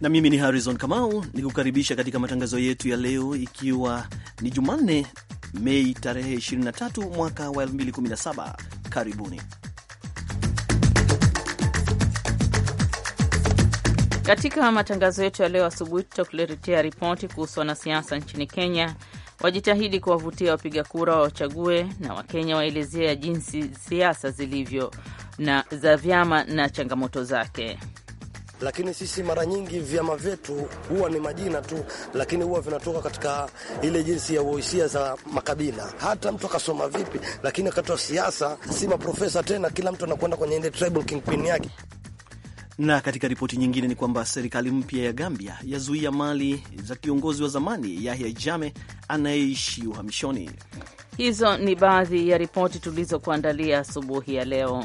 na mimi ni Harrison Kamau nikukaribisha katika matangazo yetu ya leo, ikiwa ni Jumanne Mei tarehe 23 mwaka wa 2017. Karibuni katika matangazo yetu ya leo asubuhi. Tutakuletea ripoti kuhusu wanasiasa nchini Kenya wajitahidi kuwavutia wapiga kura wawachague, na Wakenya waelezea jinsi siasa zilivyo na za vyama na changamoto zake lakini sisi mara nyingi vyama vyetu huwa ni majina tu, lakini huwa vinatoka katika ile jinsi ya uhisia za makabila. Hata mtu akasoma vipi, lakini wakati wa siasa si maprofesa tena, kila mtu anakwenda kwenye ile tribal kingpin yake. Na katika ripoti nyingine ni kwamba serikali mpya ya Gambia yazuia mali za kiongozi wa zamani Yahya Jammeh anayeishi uhamishoni. Hizo ni baadhi ya ripoti tulizokuandalia asubuhi ya leo.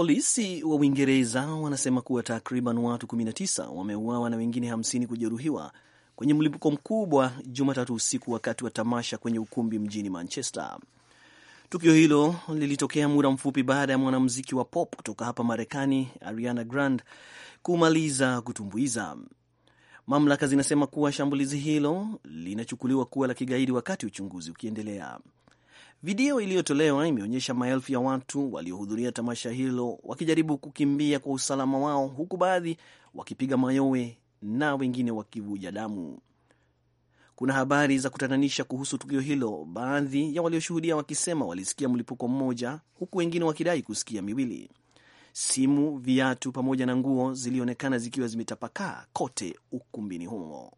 Polisi wa Uingereza wanasema kuwa takriban watu 19 wameuawa na wengine 50 kujeruhiwa kwenye mlipuko mkubwa Jumatatu usiku wakati wa tamasha kwenye ukumbi mjini Manchester. Tukio hilo lilitokea muda mfupi baada ya mwanamuziki wa pop kutoka hapa Marekani, Ariana Grande kumaliza kutumbuiza. Mamlaka zinasema kuwa shambulizi hilo linachukuliwa kuwa la kigaidi wakati uchunguzi ukiendelea. Video iliyotolewa imeonyesha maelfu ya watu waliohudhuria tamasha hilo wakijaribu kukimbia kwa usalama wao, huku baadhi wakipiga mayowe na wengine wakivuja damu. Kuna habari za kutatanisha kuhusu tukio hilo, baadhi ya walioshuhudia wakisema walisikia mlipuko mmoja, huku wengine wakidai kusikia miwili. Simu, viatu pamoja na nguo zilionekana zikiwa zimetapakaa kote ukumbini humo.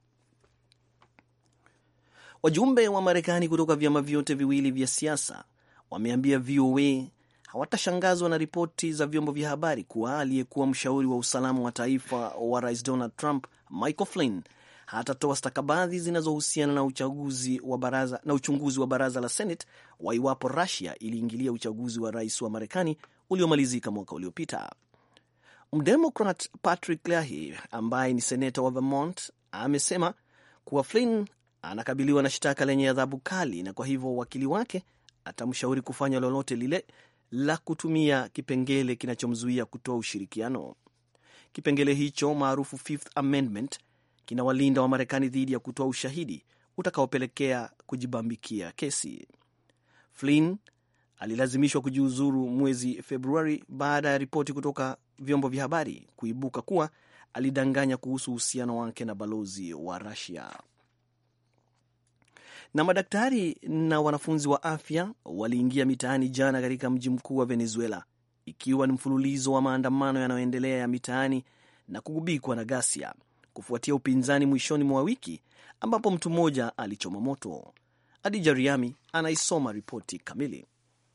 Wajumbe wa Marekani kutoka vyama vyote viwili vya siasa wameambia VOA hawatashangazwa na ripoti za vyombo vya habari kuwa aliyekuwa mshauri wa usalama wa taifa wa rais Donald Trump Michael Flynn hatatoa stakabadhi zinazohusiana na uchaguzi wa baraza, na uchunguzi wa baraza la Senate wa iwapo Russia iliingilia uchaguzi wa rais wa Marekani uliomalizika mwaka uliopita. Mdemokrat Patrick Leahy ambaye ni seneta wa Vermont amesema kuwa Flynn anakabiliwa na shtaka lenye adhabu kali, na kwa hivyo wakili wake atamshauri kufanya lolote lile la kutumia kipengele kinachomzuia kutoa ushirikiano. Kipengele hicho maarufu Fifth Amendment kinawalinda marekani dhidi ya kutoa ushahidi utakaopelekea kujibambikia kesi. Flynn alilazimishwa kujiuzuru mwezi Februari baada ya ripoti kutoka vyombo vya habari kuibuka kuwa alidanganya kuhusu uhusiano wake na balozi wa Rusia. Na madaktari na wanafunzi wa afya waliingia mitaani jana katika mji mkuu wa Venezuela, ikiwa ni mfululizo wa maandamano yanayoendelea ya mitaani na kugubikwa na ghasia kufuatia upinzani mwishoni mwa wiki ambapo mtu mmoja alichoma moto. Adija Riami anaisoma ripoti kamili.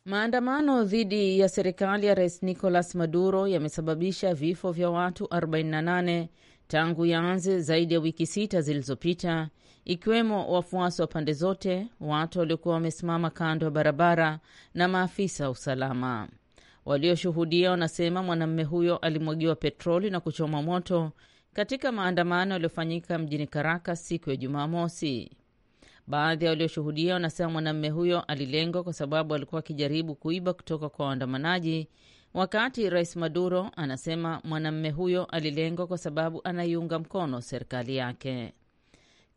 Maandamano dhidi ya serikali ya rais Nicolas Maduro yamesababisha vifo vya watu 48 tangu yaanze zaidi ya wiki sita zilizopita, ikiwemo wafuasi wa pande zote, watu waliokuwa wamesimama kando ya barabara na maafisa wa usalama. Walioshuhudia wanasema mwanamume huyo alimwagiwa petroli na kuchoma moto katika maandamano yaliyofanyika mjini Caracas siku ya Jumamosi. Baadhi ya walioshuhudia wanasema mwanamume huyo alilengwa kwa sababu alikuwa akijaribu kuiba kutoka kwa waandamanaji, wakati Rais Maduro anasema mwanamume huyo alilengwa kwa sababu anaiunga mkono serikali yake.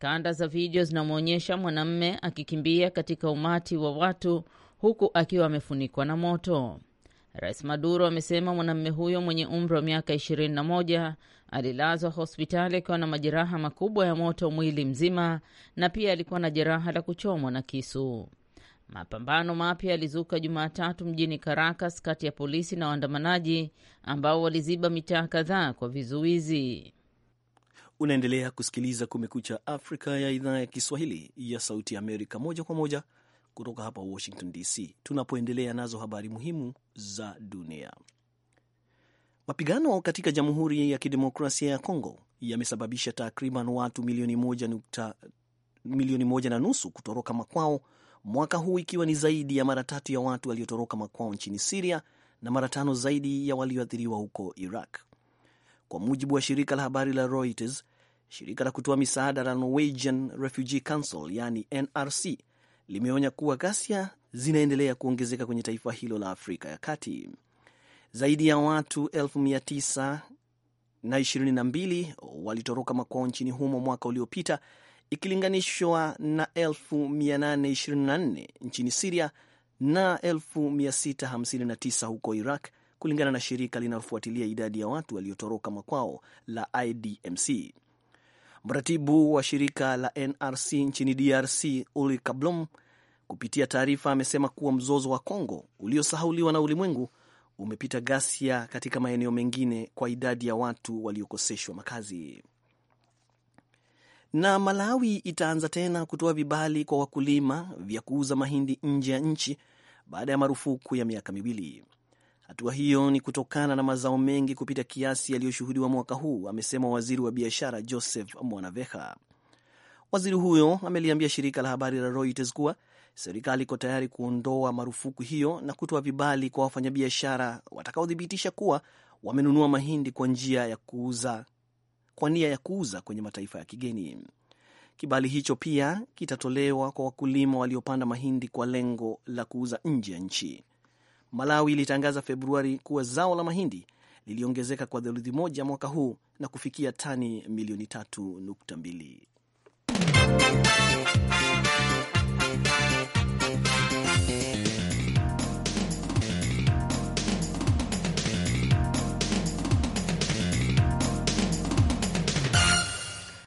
Kanda za video zinamwonyesha mwanamme akikimbia katika umati wa watu huku akiwa amefunikwa na moto. Rais Maduro amesema mwanamme huyo mwenye umri wa miaka 21 alilazwa hospitali akiwa na majeraha makubwa ya moto mwili mzima na pia alikuwa na jeraha la kuchomwa na kisu. Mapambano mapya yalizuka Jumatatu mjini Caracas kati ya polisi na waandamanaji ambao waliziba mitaa kadhaa kwa vizuizi. Unaendelea kusikiliza Kumekucha Afrika ya idhaa ya Kiswahili ya Sauti Amerika, moja kwa moja kutoka hapa Washington DC, tunapoendelea nazo habari muhimu za dunia. Mapigano katika Jamhuri ya Kidemokrasia ya congo yamesababisha takriban watu milioni moja nukta, milioni moja na nusu kutoroka makwao mwaka huu, ikiwa ni zaidi ya mara tatu ya watu waliotoroka makwao nchini Siria na mara tano zaidi ya walioathiriwa huko Iraq, kwa mujibu wa shirika la habari la Reuters. Shirika la kutoa misaada la Norwegian Refugee Council yani NRC limeonya kuwa ghasia zinaendelea kuongezeka kwenye taifa hilo la Afrika ya Kati. Zaidi ya watu 922 walitoroka makwao nchini humo mwaka uliopita ikilinganishwa na 824 nchini Siria na 659 huko Iraq, kulingana na shirika linalofuatilia idadi ya watu waliotoroka makwao la IDMC. Mratibu wa shirika la NRC nchini DRC Uli Kablom kupitia taarifa amesema kuwa mzozo wa congo uliosahauliwa na ulimwengu umepita ghasia katika maeneo mengine kwa idadi ya watu waliokoseshwa makazi. Na Malawi itaanza tena kutoa vibali kwa wakulima vya kuuza mahindi nje ya nchi baada ya marufuku ya miaka miwili. Hatua hiyo ni kutokana na mazao mengi kupita kiasi yaliyoshuhudiwa mwaka huu, amesema waziri wa biashara Joseph Mwanaveha. Waziri huyo ameliambia shirika la habari la Reuters kuwa serikali iko tayari kuondoa marufuku hiyo na kutoa vibali kwa wafanyabiashara watakaothibitisha kuwa wamenunua mahindi kwa njia ya kuuza, kwa nia ya kuuza kwenye mataifa ya kigeni. Kibali hicho pia kitatolewa kwa wakulima waliopanda mahindi kwa lengo la kuuza nje ya nchi. Malawi ilitangaza Februari kuwa zao la mahindi liliongezeka kwa theluthi moja mwaka huu na kufikia tani milioni 3.2.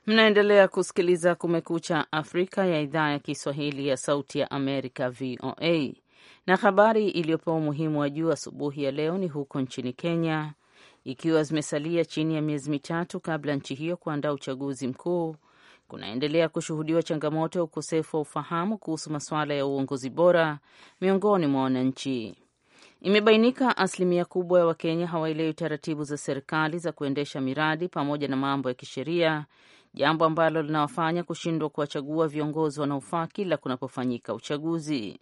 Mnaendelea kusikiliza Kumekucha Afrika ya idhaa ya Kiswahili ya Sauti ya Amerika, VOA. Na habari iliyopewa umuhimu wa juu asubuhi ya leo ni huko nchini Kenya, ikiwa zimesalia chini ya miezi mitatu kabla nchi hiyo kuandaa uchaguzi mkuu, kunaendelea kushuhudiwa changamoto ya ukosefu wa ufahamu kuhusu masuala ya uongozi bora miongoni mwa wananchi. Imebainika asilimia kubwa ya Wakenya hawaelewi taratibu za serikali za kuendesha miradi pamoja na mambo ya kisheria, jambo ambalo linawafanya kushindwa kuwachagua viongozi wanaofaa kila kunapofanyika uchaguzi.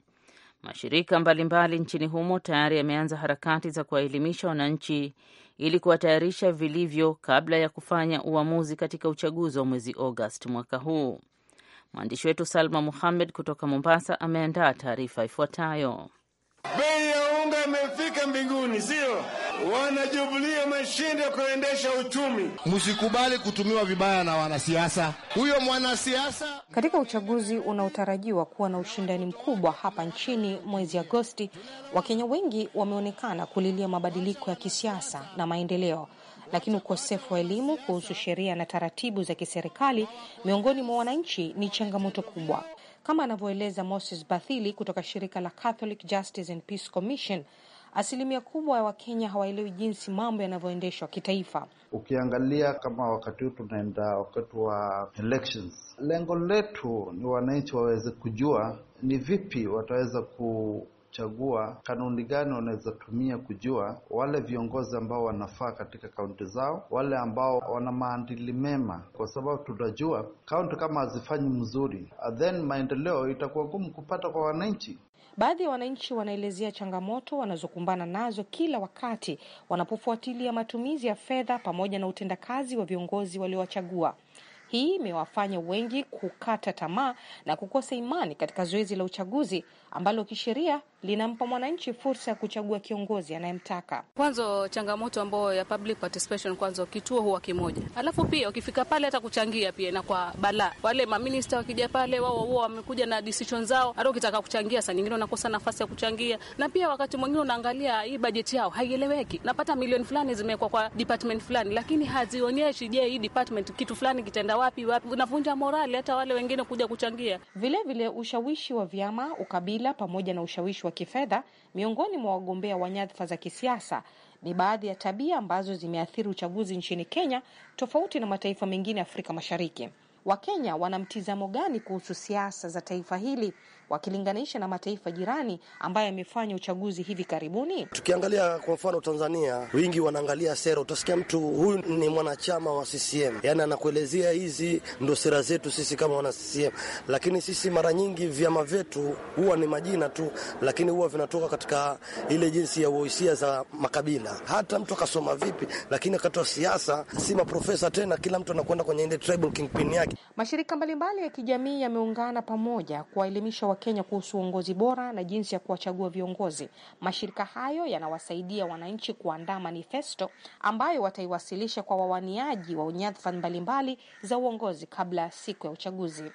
Mashirika mbalimbali nchini humo tayari yameanza harakati za kuwaelimisha wananchi ili kuwatayarisha vilivyo kabla ya kufanya uamuzi katika uchaguzi wa mwezi Agosti mwaka huu. Mwandishi wetu Salma Muhamed kutoka Mombasa ameandaa taarifa ifuatayo. Mungu amefika mbinguni, sio? wanajubulia mashinde kuendesha uchumi. Msikubali kutumiwa vibaya na wanasiasa, huyo mwanasiasa. Katika uchaguzi unaotarajiwa kuwa na ushindani mkubwa hapa nchini mwezi Agosti, Wakenya wengi wameonekana kulilia mabadiliko ya kisiasa na maendeleo lakini ukosefu wa elimu kuhusu sheria na taratibu za kiserikali miongoni mwa wananchi ni changamoto kubwa. Kama anavyoeleza Moses Bathili kutoka shirika la Catholic Justice and Peace Commission, asilimia kubwa ya Wakenya hawaelewi jinsi mambo yanavyoendeshwa kitaifa. Ukiangalia kama wakati huu tunaenda wakati wa elections, lengo letu ni wananchi waweze kujua ni vipi wataweza ku kuchagua kanuni gani wanawezatumia kujua wale viongozi ambao wanafaa katika kaunti zao, wale ambao wana maadili mema, kwa sababu tutajua kaunti kama hazifanyi mzuri, then maendeleo itakuwa gumu kupata kwa wananchi. Baadhi ya wananchi wanaelezea changamoto wanazokumbana nazo kila wakati wanapofuatilia matumizi ya fedha pamoja na utendakazi wa viongozi waliowachagua. Hii imewafanya wengi kukata tamaa na kukosa imani katika zoezi la uchaguzi ambalo kisheria linampa mwananchi fursa ya kuchagua kiongozi anayemtaka. Kwanza changamoto ambayo ya public participation, kwanza kituo huwa kimoja, alafu pia ukifika pale hata kuchangia pia na kwa bala, wale maminista wakija pale, wao huwa wamekuja na decision zao. Hata ukitaka kuchangia, saa nyingine unakosa nafasi ya kuchangia, na pia wakati mwingine unaangalia hii bajeti yao haieleweki. Napata milioni fulani zimewekwa kwa department fulani, lakini hazionyeshi, je, hii department kitu fulani kitaenda wapi wapi? Unavunja morali hata wale wengine kuja kuchangia. Vilevile vile ushawishi wa vyama, ukabila pamoja na ushawishi wa kifedha miongoni mwa wagombea wa nyadhifa za kisiasa ni baadhi ya tabia ambazo zimeathiri uchaguzi nchini Kenya tofauti na mataifa mengine Afrika Mashariki. Wakenya wana mtizamo gani kuhusu siasa za taifa hili wakilinganisha na mataifa jirani ambayo yamefanya uchaguzi hivi karibuni? Tukiangalia kwa mfano Tanzania, wingi wanaangalia sera. Utasikia mtu huyu ni mwanachama wa CCM, yani anakuelezea hizi ndo sera zetu sisi kama wana CCM, lakini sisi mara nyingi vyama vyetu huwa ni majina tu, lakini huwa vinatoka katika ile jinsi ya uhosia za makabila. Hata mtu akasoma vipi, lakini akatoa siasa si maprofesa tena, kila mtu anakwenda kwenye ile tribal kingpin yake. Mashirika mbalimbali ya kijamii yameungana pamoja kuwaelimisha Wakenya kuhusu uongozi bora na jinsi ya kuwachagua viongozi. Mashirika hayo yanawasaidia wananchi kuandaa manifesto ambayo wataiwasilisha kwa wawaniaji wa nyadhifa mbalimbali za uongozi kabla ya siku ya uchaguzi.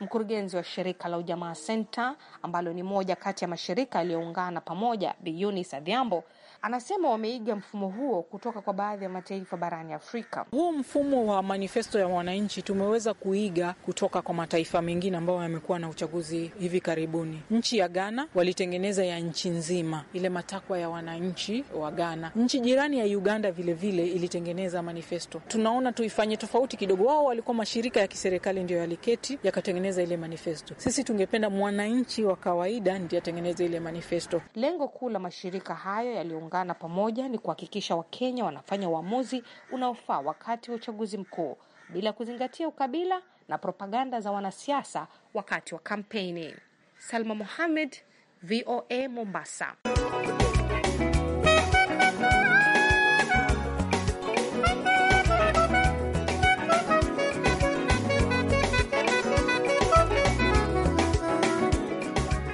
Mkurugenzi wa shirika la Ujamaa Center ambalo ni moja kati ya mashirika yaliyoungana pamoja, Bi Eunice Adhiambo Anasema wameiga mfumo huo kutoka kwa baadhi ya mataifa barani Afrika. Huu mfumo wa manifesto ya wananchi tumeweza kuiga kutoka kwa mataifa mengine ambayo yamekuwa na uchaguzi hivi karibuni. Nchi ya Ghana walitengeneza ya nchi nzima, ile matakwa ya wananchi wa Ghana. Nchi jirani ya Uganda vilevile vile ilitengeneza manifesto. Tunaona tuifanye tofauti kidogo. Wao walikuwa mashirika ya kiserikali ndio yaliketi yakatengeneza ile manifesto. Sisi tungependa mwananchi wa kawaida ndiye atengeneze ile manifesto. Lengo kuu la mashirika hayo yaliyo kuungana pamoja ni kuhakikisha Wakenya wanafanya uamuzi unaofaa wakati wa uchaguzi mkuu bila kuzingatia ukabila na propaganda za wanasiasa wakati wa kampeni. Salma Mohamed, VOA Mombasa.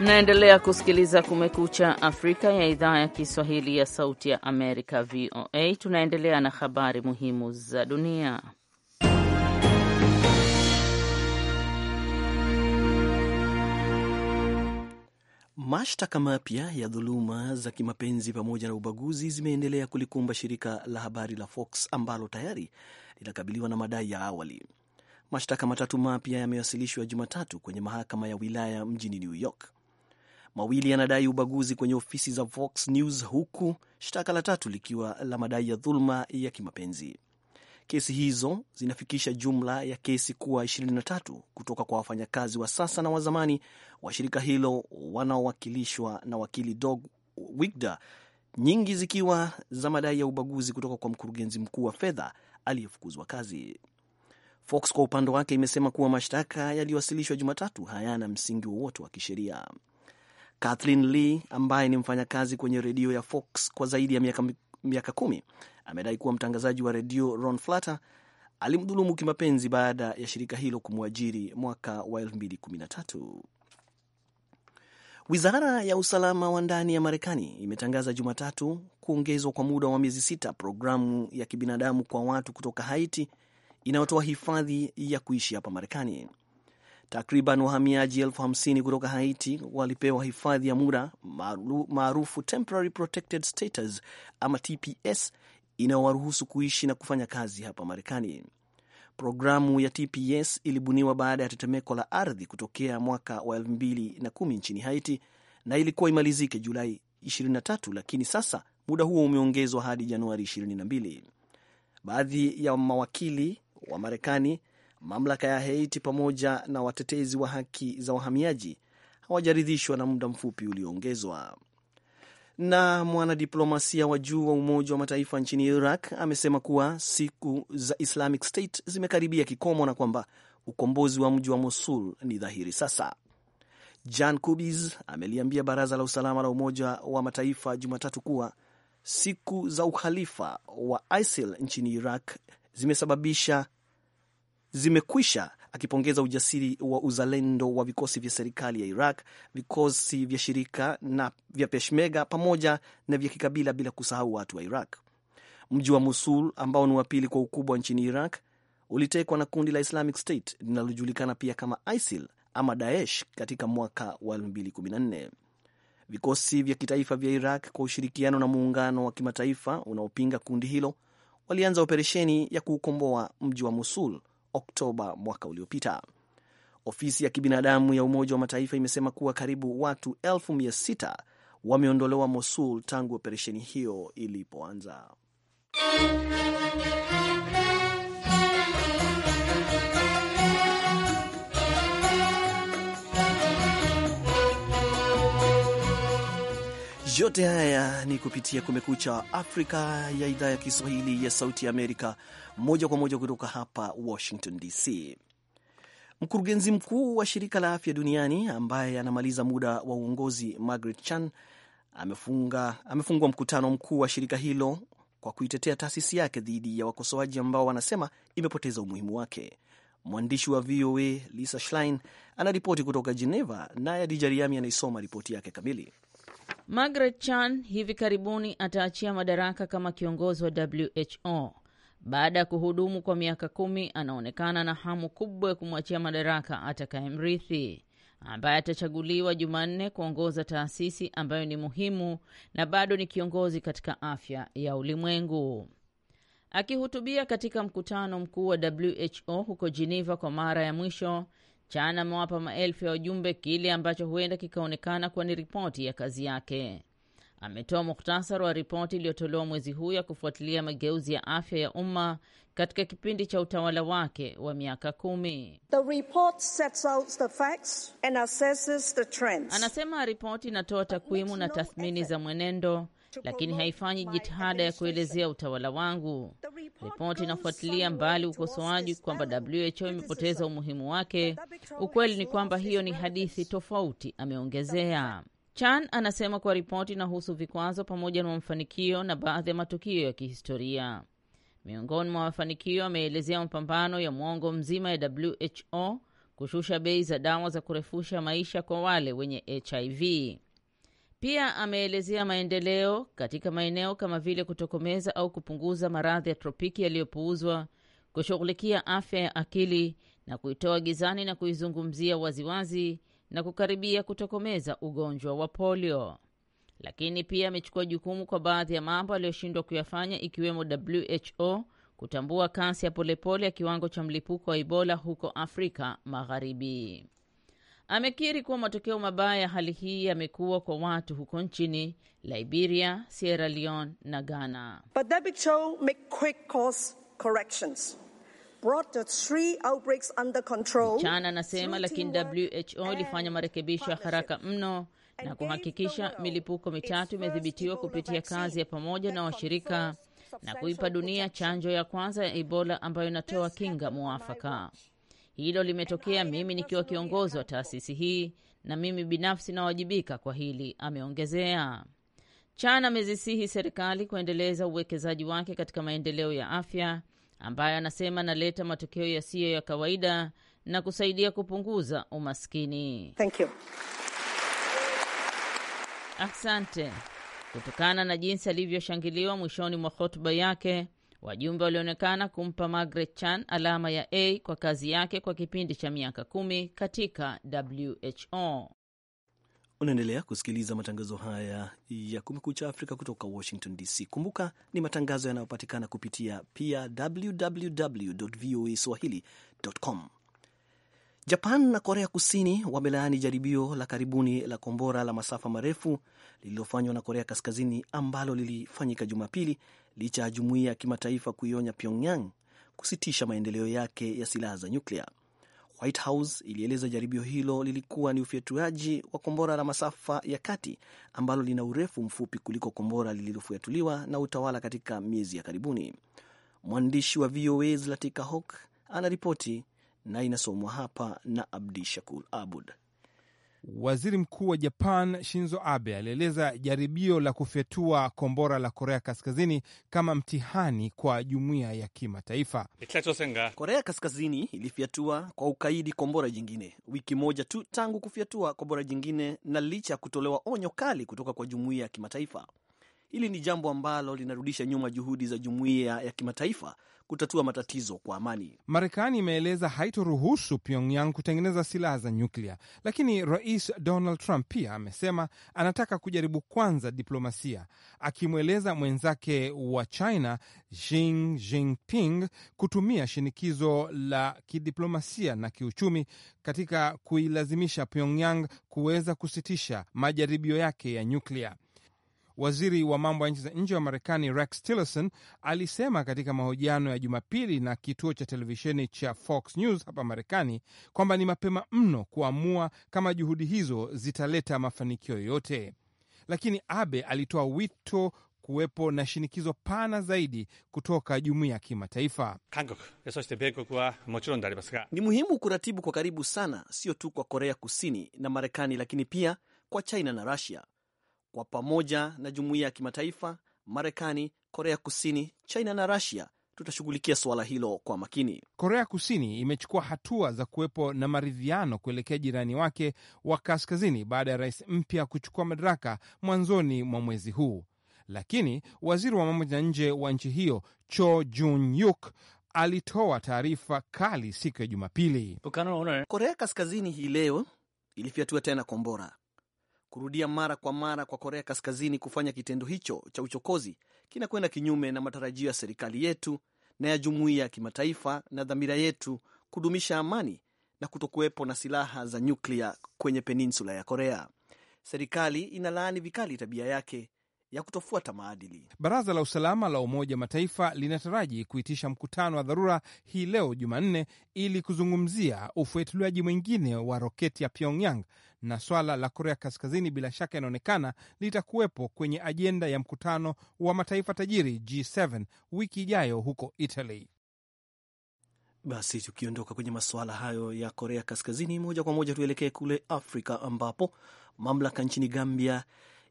Mnaendelea kusikiliza Kumekucha Afrika ya idhaa ya Kiswahili ya Sauti ya Amerika, VOA. Tunaendelea na habari muhimu za dunia. Mashtaka mapya ya dhuluma za kimapenzi pamoja na ubaguzi zimeendelea kulikumba shirika la habari la Fox ambalo tayari linakabiliwa na madai ya awali. Mashtaka matatu mapya yamewasilishwa Jumatatu kwenye mahakama ya wilaya mjini New York mawili yanadai ubaguzi kwenye ofisi za Fox News, huku shtaka la tatu likiwa la madai ya dhuluma ya kimapenzi. Kesi hizo zinafikisha jumla ya kesi kuwa 23 kutoka kwa wafanyakazi wa sasa na wa zamani wa shirika hilo wanaowakilishwa na wakili Doug Wigda, nyingi zikiwa za madai ya ubaguzi kutoka kwa mkurugenzi mkuu wa fedha aliyefukuzwa kazi. Fox kwa upande wake imesema kuwa mashtaka yaliyowasilishwa Jumatatu hayana msingi wowote wa kisheria. Kathleen Lee ambaye ni mfanyakazi kwenye redio ya Fox kwa zaidi ya miaka, miaka kumi amedai kuwa mtangazaji wa redio Ron Flatter alimdhulumu kimapenzi baada ya shirika hilo kumwajiri mwaka wa 2013. Wizara ya usalama wa ndani ya Marekani imetangaza Jumatatu kuongezwa kwa muda wa miezi sita programu ya kibinadamu kwa watu kutoka Haiti inayotoa hifadhi ya kuishi hapa Marekani. Takriban wahamiaji elfu hamsini kutoka Haiti walipewa hifadhi ya muda maarufu temporary protected status ama TPS inayowaruhusu kuishi na kufanya kazi hapa Marekani. Programu ya TPS ilibuniwa baada ya tetemeko la ardhi kutokea mwaka wa 2010 nchini Haiti na ilikuwa imalizike Julai 23, lakini sasa muda huo umeongezwa hadi Januari 22. Baadhi ya mawakili wa Marekani Mamlaka ya Haiti pamoja na watetezi wa haki za wahamiaji hawajaridhishwa na muda mfupi ulioongezwa. Na mwanadiplomasia wa juu wa Umoja wa Mataifa nchini Iraq amesema kuwa siku za Islamic State zimekaribia kikomo na kwamba ukombozi wa mji wa Mosul ni dhahiri sasa. Jan Kubis ameliambia Baraza la Usalama la Umoja wa Mataifa Jumatatu kuwa siku za ukhalifa wa ISIL nchini Iraq zimesababisha zimekwisha, akipongeza ujasiri wa uzalendo wa vikosi vya serikali ya Iraq, vikosi vya shirika na vya Peshmerga pamoja na vya kikabila, bila kusahau watu wa Iraq. Mji wa Mosul ambao ni wa pili kwa ukubwa nchini Iraq ulitekwa na kundi la Islamic State linalojulikana pia kama ISIL ama Daesh katika mwaka wa 2014. Vikosi vya kitaifa vya Iraq kwa ushirikiano na muungano wa kimataifa unaopinga kundi hilo walianza operesheni ya kuukomboa mji wa Mosul Oktoba mwaka uliopita. Ofisi ya kibinadamu ya Umoja wa Mataifa imesema kuwa karibu watu elfu mia sita wameondolewa Mosul tangu operesheni hiyo ilipoanza. Yote haya ni kupitia Kumekucha Afrika ya idhaa ya Kiswahili ya Sauti ya Amerika, moja kwa moja kutoka hapa Washington DC. Mkurugenzi mkuu wa Shirika la Afya Duniani ambaye anamaliza muda wa uongozi Margaret Chan amefunga, amefungwa mkutano mkuu wa shirika hilo kwa kuitetea taasisi yake dhidi ya wakosoaji ambao wanasema imepoteza umuhimu wake. Mwandishi wa VOA Lisa Schlein anaripoti kutoka Geneva, naye Adija Riami anaisoma ripoti yake kamili. Margaret Chan hivi karibuni ataachia madaraka kama kiongozi wa WHO. Baada ya kuhudumu kwa miaka kumi, anaonekana na hamu kubwa ya kumwachia madaraka atakayemrithi ambaye atachaguliwa Jumanne kuongoza taasisi ambayo ni muhimu na bado ni kiongozi katika afya ya ulimwengu. Akihutubia katika mkutano mkuu wa WHO huko Geneva kwa mara ya mwisho Chan amewapa maelfu ya wajumbe kile ambacho huenda kikaonekana kuwa ni ripoti ya kazi yake. Ametoa muhtasari wa ripoti iliyotolewa mwezi huu ya kufuatilia mageuzi ya afya ya umma katika kipindi cha utawala wake wa miaka kumi. Anasema ripoti inatoa takwimu na tathmini za mwenendo lakini haifanyi jitihada ya kuelezea utawala wangu. Ripoti inafuatilia mbali ukosoaji kwamba WHO imepoteza umuhimu wake. Ukweli ni kwamba hiyo ni hadithi tofauti, ameongezea. Chan anasema kuwa ripoti inahusu vikwazo pamoja na mafanikio na baadhi ya matukio ya kihistoria. Miongoni mwa mafanikio, ameelezea mapambano ya mwongo mzima ya WHO kushusha bei za dawa za kurefusha maisha kwa wale wenye HIV. Pia ameelezea maendeleo katika maeneo kama vile kutokomeza au kupunguza maradhi ya tropiki yaliyopuuzwa, kushughulikia afya ya akili na kuitoa gizani na kuizungumzia waziwazi na kukaribia kutokomeza ugonjwa wa polio. Lakini pia amechukua jukumu kwa baadhi ya mambo aliyoshindwa kuyafanya ikiwemo WHO kutambua kasi ya polepole ya kiwango cha mlipuko wa Ebola huko Afrika Magharibi. Amekiri kuwa matokeo mabaya ya hali hii yamekuwa kwa watu huko nchini Liberia, Sierra Leone na Ghana. Mchana anasema, lakini WHO ilifanya marekebisho ya haraka mno na kuhakikisha milipuko mitatu imedhibitiwa kupitia kazi ya pamoja na washirika na kuipa dunia chanjo ya kwanza ya Ebola ambayo inatoa kinga mwafaka. Hilo limetokea mimi nikiwa kiongozi wa taasisi hii, na mimi binafsi nawajibika kwa hili, ameongezea. Chan amezisihi serikali kuendeleza uwekezaji wake katika maendeleo ya afya ambayo anasema analeta matokeo yasiyo ya kawaida na kusaidia kupunguza umaskini. Thank you. Asante. Kutokana na jinsi alivyoshangiliwa mwishoni mwa hotuba yake, Wajumbe walionekana kumpa Margaret Chan alama ya A kwa kazi yake kwa kipindi cha miaka kumi katika WHO. Unaendelea kusikiliza matangazo haya ya Kumekucha Afrika kutoka Washington DC. Kumbuka ni matangazo yanayopatikana kupitia pia www voa swahili.com. Japan na Korea Kusini wamelaani jaribio la karibuni la kombora la masafa marefu lililofanywa na Korea Kaskazini ambalo lilifanyika Jumapili licha ya jumuiya ya kimataifa kuionya Pyongyang kusitisha maendeleo yake ya silaha za nyuklia. White House ilieleza jaribio hilo lilikuwa ni ufyatuaji wa kombora la masafa ya kati ambalo lina urefu mfupi kuliko kombora lililofyatuliwa na utawala katika miezi ya karibuni. Mwandishi wa VOA Zlatika Hawk anaripoti na inasomwa hapa na Abdi Shakur Abud. Waziri Mkuu wa Japan Shinzo Abe alieleza jaribio la kufyatua kombora la Korea Kaskazini kama mtihani kwa jumuiya ya kimataifa. Korea Kaskazini ilifyatua kwa ukaidi kombora jingine wiki moja tu tangu kufyatua kombora jingine, na licha ya kutolewa onyo kali kutoka kwa jumuiya ya kimataifa. Hili ni jambo ambalo linarudisha nyuma juhudi za jumuiya ya kimataifa kutatua matatizo kwa amani. Marekani imeeleza haitoruhusu Pyongyang kutengeneza silaha za nyuklia, lakini Rais Donald Trump pia amesema anataka kujaribu kwanza diplomasia, akimweleza mwenzake wa China Xi Jinping kutumia shinikizo la kidiplomasia na kiuchumi katika kuilazimisha Pyongyang kuweza kusitisha majaribio yake ya nyuklia waziri wa mambo ya nchi za nje wa Marekani Rex Tillerson alisema katika mahojiano ya Jumapili na kituo cha televisheni cha Fox News hapa Marekani kwamba ni mapema mno kuamua kama juhudi hizo zitaleta mafanikio yoyote, lakini Abe alitoa wito kuwepo na shinikizo pana zaidi kutoka jumuiya ya kimataifa. Eh, ni muhimu kuratibu kwa karibu sana, sio tu kwa Korea Kusini na Marekani, lakini pia kwa China na Rusia kwa pamoja na jumuiya ya kimataifa, Marekani, Korea Kusini, China na Rusia tutashughulikia suala hilo kwa makini. Korea Kusini imechukua hatua za kuwepo na maridhiano kuelekea jirani wake wa kaskazini baada ya rais mpya kuchukua madaraka mwanzoni mwa mwezi huu, lakini waziri wa mambo ya nje wa nchi hiyo Cho Jun Yuk alitoa taarifa kali siku ya Jumapili. Korea Kaskazini hii leo ilifyatua tena kombora Kurudia mara kwa mara kwa Korea Kaskazini kufanya kitendo hicho cha uchokozi kinakwenda kinyume na matarajio ya serikali yetu na ya jumuiya ya kimataifa na dhamira yetu kudumisha amani na kutokuwepo na silaha za nyuklia kwenye peninsula ya Korea. Serikali inalaani vikali tabia yake ya kutofuata maadili. Baraza la Usalama la Umoja wa Mataifa linataraji kuitisha mkutano wa dharura hii leo Jumanne ili kuzungumzia ufuatiliaji mwingine wa roketi ya Pyongyang na swala la Korea Kaskazini bila shaka inaonekana litakuwepo kwenye ajenda ya mkutano wa mataifa tajiri G7 wiki ijayo huko Italy. Basi tukiondoka kwenye masuala hayo ya Korea Kaskazini, moja kwa moja tuelekee kule Afrika ambapo mamlaka nchini Gambia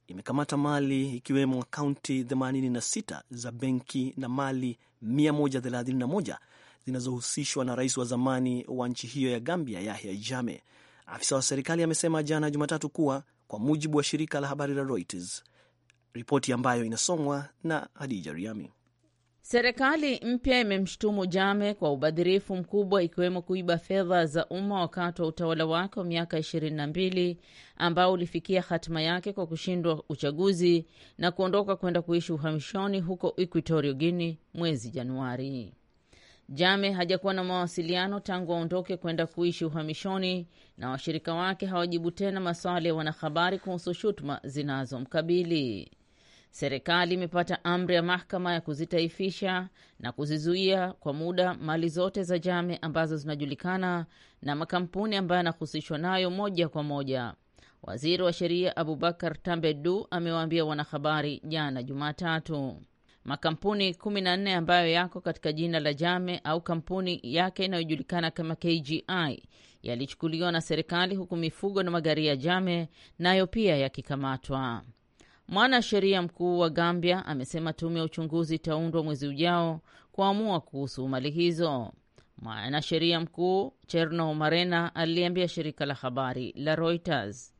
imekamata mali ikiwemo akaunti 86 za benki na mali 131 zinazohusishwa na rais wa zamani wa nchi hiyo ya Gambia, Yahya jame Afisa wa serikali amesema jana Jumatatu kuwa kwa mujibu wa shirika la habari la Reuters, ripoti ambayo inasomwa na Hadija Riami. Serikali mpya imemshutumu Jame kwa ubadhirifu mkubwa ikiwemo kuiba fedha za umma wakati wa utawala wake wa miaka ishirini na mbili ambao ulifikia hatima yake kwa kushindwa uchaguzi na kuondoka kwenda kuishi uhamishoni huko Equatorial Guini mwezi Januari. Jame hajakuwa na mawasiliano tangu aondoke kwenda kuishi uhamishoni na washirika wake hawajibu tena maswali ya wanahabari kuhusu shutuma zinazomkabili. Serikali imepata amri ya mahakama ya kuzitaifisha na kuzizuia kwa muda mali zote za Jame ambazo zinajulikana na makampuni ambayo yanahusishwa nayo moja kwa moja. Waziri wa sheria Abubakar Tambedu amewaambia wanahabari jana Jumatatu makampuni kumi na nne ambayo yako katika jina la Jame au kampuni yake inayojulikana kama KGI yalichukuliwa na serikali, huku mifugo na magari ya Jame nayo pia yakikamatwa. Mwanasheria mkuu wa Gambia amesema tume ya uchunguzi itaundwa mwezi ujao kuamua kuhusu mali hizo. Mwanasheria mkuu Cherno Marena aliliambia shirika la habari la Reuters.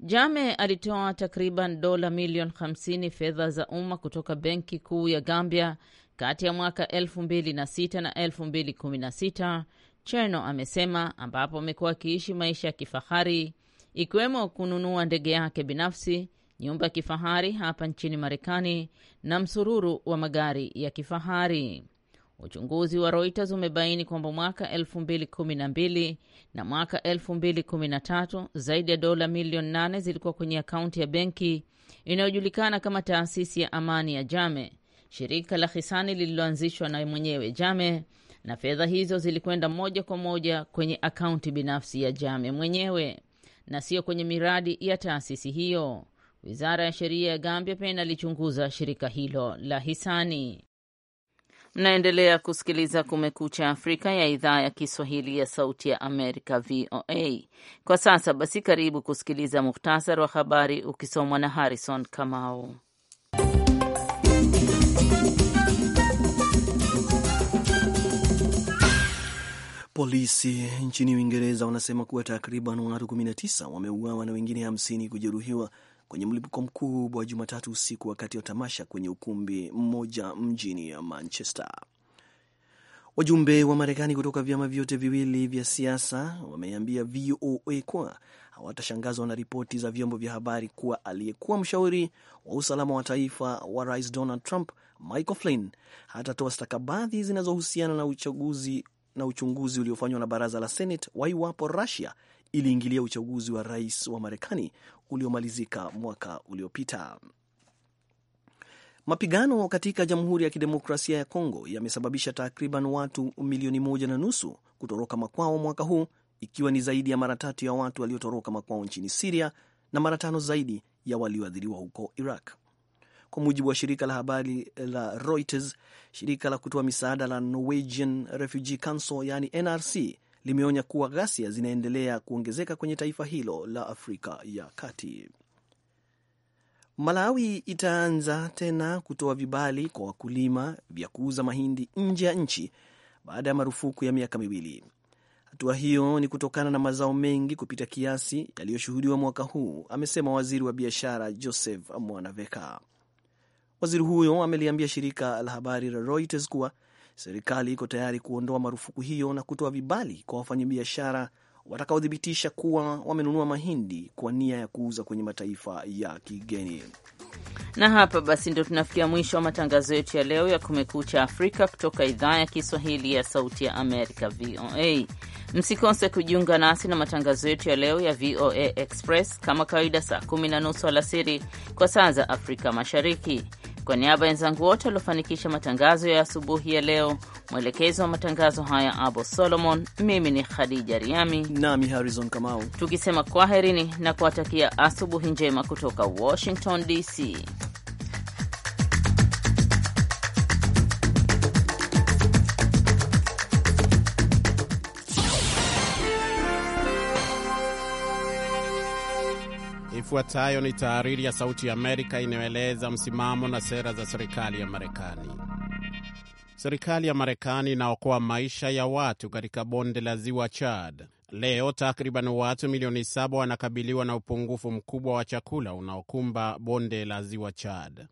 Jame alitoa takriban dola milioni 50 fedha za umma kutoka benki kuu ya Gambia kati ya mwaka 2006 na 2016, Cherno amesema, ambapo amekuwa akiishi maisha ya kifahari ikiwemo kununua ndege yake binafsi nyumba ya kifahari hapa nchini Marekani na msururu wa magari ya kifahari. Uchunguzi wa Reuters umebaini kwamba mwaka 2012 na mwaka 2013 zaidi ya dola milioni 8 zilikuwa kwenye akaunti ya benki inayojulikana kama Taasisi ya Amani ya Jame, shirika la hisani lililoanzishwa na mwenyewe Jame, na fedha hizo zilikwenda moja kwa moja kwenye akaunti binafsi ya Jame mwenyewe na sio kwenye miradi ya taasisi hiyo. Wizara ya sheria ya Gambia pia inalichunguza shirika hilo la hisani. Mnaendelea kusikiliza Kumekucha Afrika ya idhaa ya Kiswahili ya Sauti ya Amerika, VOA. Kwa sasa basi, karibu kusikiliza muhtasari wa habari ukisomwa na Harrison Kamau. Polisi nchini Uingereza wanasema kuwa takriban watu 19 wameuawa na wengine 50 kujeruhiwa kwenye mlipuko mkubwa wa Jumatatu usiku wakati wa tamasha kwenye ukumbi mmoja mjini Manchester. Wajumbe wa Marekani kutoka vyama vyote viwili vya siasa wameambia VOA kuwa hawatashangazwa na ripoti za vyombo vya habari kuwa aliyekuwa mshauri wa usalama wa taifa wa Rais Donald Trump Michael Flynn hatatoa stakabadhi zinazohusiana na uchaguzi na uchunguzi uliofanywa na baraza la Senate wa iwapo Russia iliingilia uchaguzi wa rais wa Marekani uliomalizika mwaka uliopita. Mapigano katika Jamhuri ya Kidemokrasia ya Kongo yamesababisha takriban watu milioni moja na nusu kutoroka makwao mwaka huu, ikiwa ni zaidi ya mara tatu ya watu waliotoroka makwao nchini Siria na mara tano zaidi ya walioathiriwa huko Iraq, kwa mujibu wa shirika la habari la Reuters. Shirika la kutoa misaada la Norwegian Refugee Council, yani NRC, limeonya kuwa ghasia zinaendelea kuongezeka kwenye taifa hilo la Afrika ya Kati. Malawi itaanza tena kutoa vibali kwa wakulima vya kuuza mahindi nje ya nchi baada ya marufuku ya miaka miwili. Hatua hiyo ni kutokana na mazao mengi kupita kiasi yaliyoshuhudiwa mwaka huu, amesema waziri wa biashara Joseph Mwanaveka. Waziri huyo ameliambia shirika la habari la Reuters kuwa serikali iko tayari kuondoa marufuku hiyo na kutoa vibali kwa wafanyabiashara watakaothibitisha kuwa wamenunua mahindi kwa nia ya kuuza kwenye mataifa ya kigeni. Na hapa basi ndo tunafikia mwisho wa matangazo yetu ya leo ya Kumekucha Afrika kutoka idhaa ya Kiswahili ya Sauti ya Amerika, VOA. Msikose kujiunga nasi na matangazo yetu ya leo ya VOA Express kama kawaida, saa kumi na nusu alasiri kwa saa za Afrika Mashariki. Kwa niaba ya wenzangu wote waliofanikisha matangazo ya asubuhi ya leo, mwelekezi wa matangazo haya Abo Solomon, mimi ni Khadija Riami nami Harrison Kamau, tukisema kwaherini na kuwatakia asubuhi njema kutoka Washington DC. Ifuatayo ni tahariri ya Sauti ya Amerika inayoeleza msimamo na sera za serikali ya Marekani. Serikali ya Marekani inaokoa maisha ya watu katika bonde la ziwa Chad. Leo takriban watu milioni saba wanakabiliwa na upungufu mkubwa wa chakula unaokumba bonde la ziwa Chad.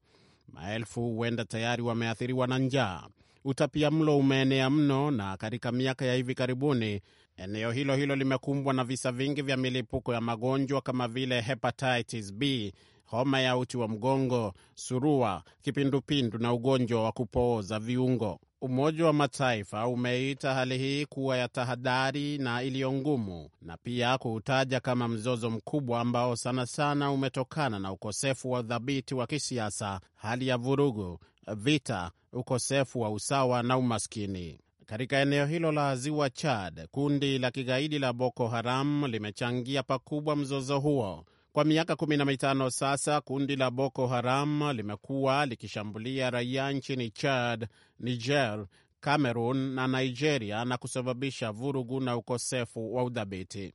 Maelfu huenda tayari wameathiriwa na njaa. Utapia mlo umeenea mno, na katika miaka ya hivi karibuni Eneo hilo hilo limekumbwa na visa vingi vya milipuko ya magonjwa kama vile hepatitis B, homa ya uti wa mgongo, surua, kipindupindu na ugonjwa wa kupooza viungo. Umoja wa Mataifa umeita hali hii kuwa ya tahadhari na iliyo ngumu na pia kuutaja kama mzozo mkubwa ambao sana sana umetokana na ukosefu wa udhabiti wa kisiasa, hali ya vurugu, vita, ukosefu wa usawa na umaskini. Katika eneo hilo la ziwa Chad, kundi la kigaidi la Boko Haram limechangia pakubwa mzozo huo. Kwa miaka 15 sasa, kundi la Boko Haram limekuwa likishambulia raia nchini Chad, Niger, Cameroon na Nigeria na kusababisha vurugu na ukosefu wa udhabiti.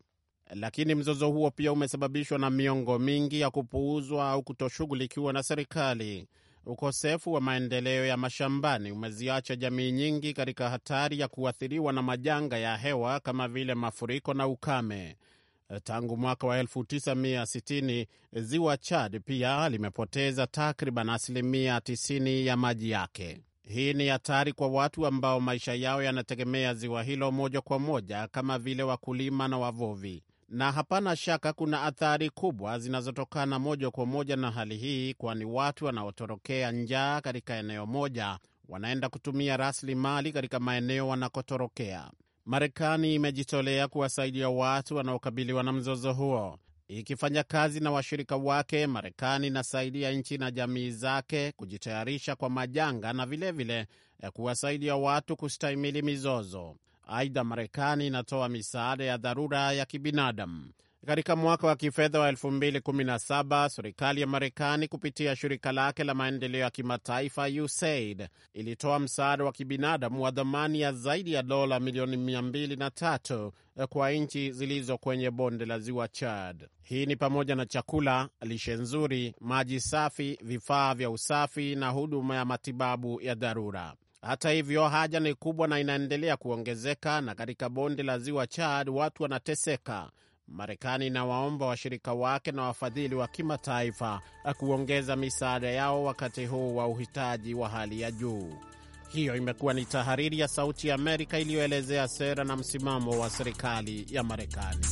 Lakini mzozo huo pia umesababishwa na miongo mingi ya kupuuzwa au kutoshughulikiwa na serikali ukosefu wa maendeleo ya mashambani umeziacha jamii nyingi katika hatari ya kuathiriwa na majanga ya hewa kama vile mafuriko na ukame. Tangu mwaka wa 1960 ziwa Chad pia limepoteza takriban asilimia 90 ya maji yake. Hii ni hatari kwa watu ambao maisha yao yanategemea ziwa hilo moja kwa moja, kama vile wakulima na wavuvi na hapana shaka kuna athari kubwa zinazotokana moja kwa moja na hali hii, kwani watu wanaotorokea njaa katika eneo moja wanaenda kutumia rasilimali katika maeneo wanakotorokea. Marekani imejitolea kuwasaidia watu wanaokabiliwa na mzozo huo. Ikifanya kazi na washirika wake, Marekani inasaidia nchi na jamii zake kujitayarisha kwa majanga na vilevile vile eh, kuwasaidia watu kustahimili mizozo. Aidha, Marekani inatoa misaada ya dharura ya kibinadamu. Katika mwaka wa kifedha wa 2017 serikali ya Marekani kupitia shirika lake la maendeleo ya kimataifa USAID ilitoa msaada wa kibinadamu wa dhamani ya zaidi ya dola milioni 203 eh, kwa nchi zilizo kwenye bonde la ziwa Chad. Hii ni pamoja na chakula, lishe nzuri, maji safi, vifaa vya usafi na huduma ya matibabu ya dharura. Hata hivyo, haja ni kubwa na inaendelea kuongezeka, na katika bonde la ziwa Chad watu wanateseka. Marekani inawaomba washirika wake na wafadhili wa kimataifa kuongeza misaada yao wakati huu wa uhitaji wa hali ya juu. Hiyo imekuwa ni tahariri ya Sauti ya Amerika iliyoelezea sera na msimamo wa serikali ya Marekani.